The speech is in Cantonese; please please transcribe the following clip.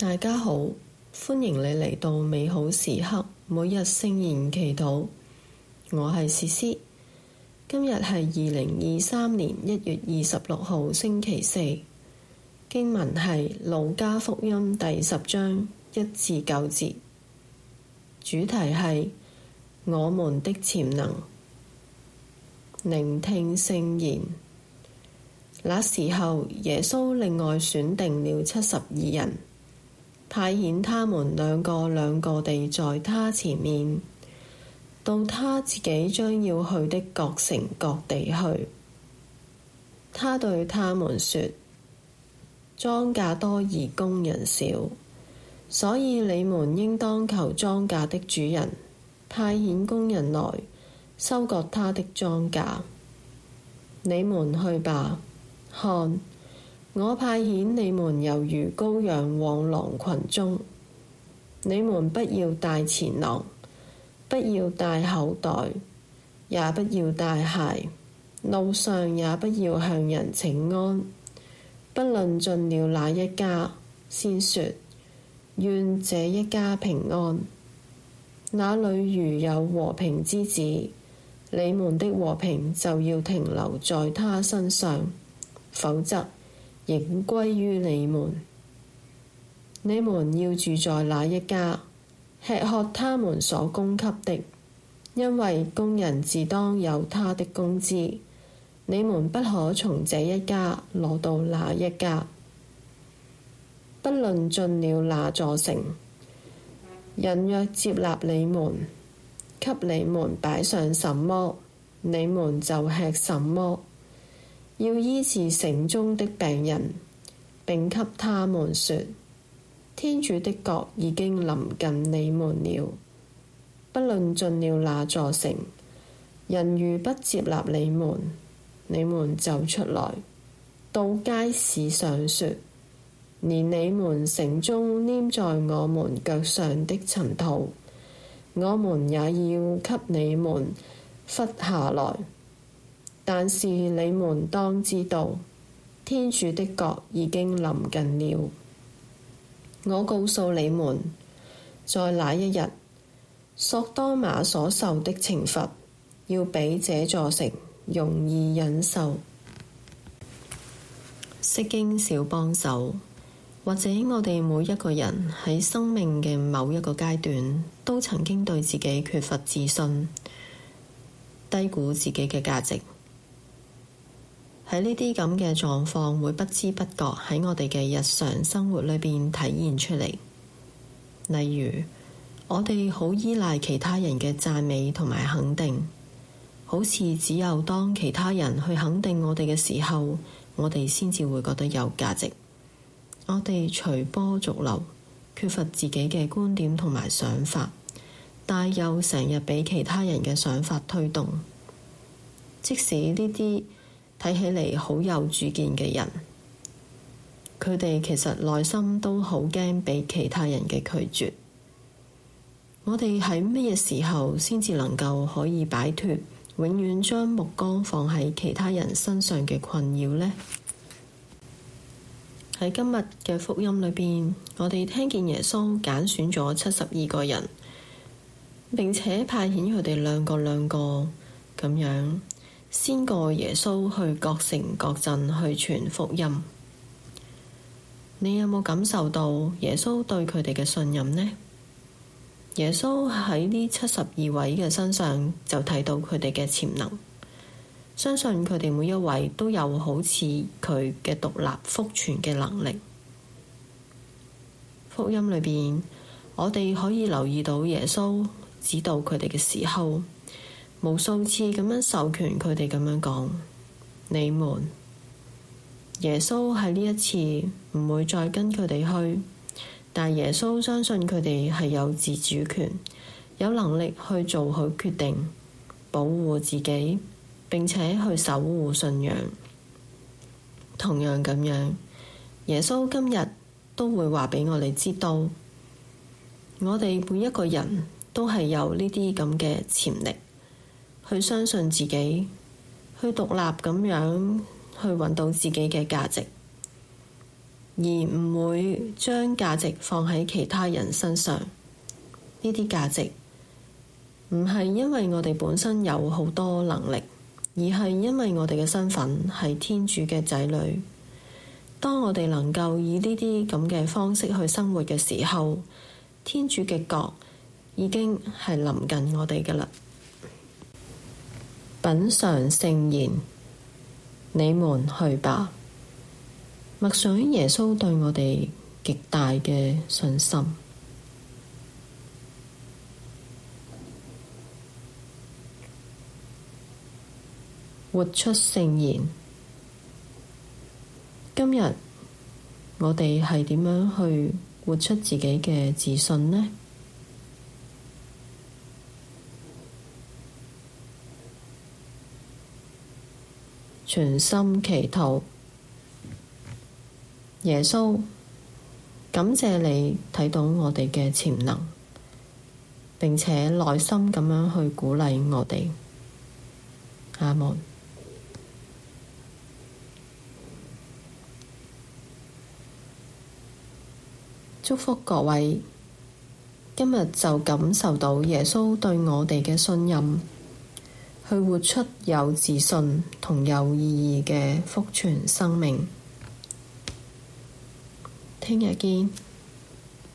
大家好，歡迎你嚟到美好時刻每日聖言祈禱。我係詩詩，今日係二零二三年一月二十六號星期四。經文係《路加福音》第十章一至九節，主題係我們的潛能。聆聽聖言。那時候，耶穌另外選定了七十二人。派遣他們兩個兩個地在他前面，到他自己將要去的各城各地去。他對他們說：莊稼多而工人少，所以你們應當求莊稼的主人派遣工人來，收割他的莊稼。你們去吧，看。我派遣你們，猶如羔羊往狼群中。你們不要帶錢囊，不要帶口袋，也不要帶鞋。路上也不要向人請安。不論進了哪一家，先說：「願這一家平安！」那裏如有和平之子，你們的和平就要停留在他身上，否則。仍歸於你們。你們要住在那一家，吃喝他們所供給的，因為工人自當有他的工資。你們不可從這一家挪到那一家，不論進了那座城，人若接納你們，給你們擺上什麼，你們就吃什麼。要醫治城中的病人，並給他們說：天主的國已經臨近你們了。不論進了那座城，人如不接納你們，你們就出來到街市上說：連你們城中黏在我們腳上的塵土，我們也要給你們拂下來。但是你們當知道，天主的國已經臨近了。我告訴你們，在那一日，索多瑪所受的懲罰要比這座城容易忍受。釋經小幫手，或者我哋每一個人喺生命嘅某一個階段，都曾經對自己缺乏自信，低估自己嘅價值。喺呢啲咁嘅狀況，會不知不覺喺我哋嘅日常生活裏邊體現出嚟。例如，我哋好依賴其他人嘅讚美同埋肯定，好似只有當其他人去肯定我哋嘅時候，我哋先至會覺得有價值。我哋隨波逐流，缺乏自己嘅觀點同埋想法，但又成日俾其他人嘅想法推動。即使呢啲睇起嚟好有主見嘅人，佢哋其實內心都好驚被其他人嘅拒絕。我哋喺咩嘢時候先至能夠可以擺脫永遠將目光放喺其他人身上嘅困擾呢？喺今日嘅福音裏邊，我哋聽見耶穌揀選咗七十二個人，並且派遣佢哋兩個兩個咁樣。先過耶穌去各城各鎮去傳福音，你有冇感受到耶穌對佢哋嘅信任呢？耶穌喺呢七十二位嘅身上就睇到佢哋嘅潛能，相信佢哋每一位都有好似佢嘅獨立福傳嘅能力。福音裏邊，我哋可以留意到耶穌指導佢哋嘅時候，無數次咁樣授權佢哋咁樣講，你們，耶穌喺呢一次唔會再跟佢哋去，但耶穌相信佢哋係有自主權，有能力去做好決定，保護自己，並且去守護信仰。同樣咁樣，耶穌今日都會話畀我哋知道，我哋每一個人都係有呢啲咁嘅潛力。去相信自己，去獨立咁樣去揾到自己嘅價值，而唔會將價值放喺其他人身上。呢啲價值唔係因為我哋本身有好多能力，而係因為我哋嘅身份係天主嘅仔女。當我哋能夠以呢啲咁嘅方式去生活嘅時候，天主嘅國已經係臨近我哋嘅啦。品嚐聖言，你們去吧。默想耶穌對我哋極大嘅信心，活出聖言。今日我哋係點樣去活出自己嘅自信呢？全心祈禱，耶穌，感謝你睇到我哋嘅潛能，並且耐心咁樣去鼓勵我哋。阿門。祝福各位，今日就感受到耶穌對我哋嘅信任。去活出有自信同有意義嘅福傳生命。聽日見。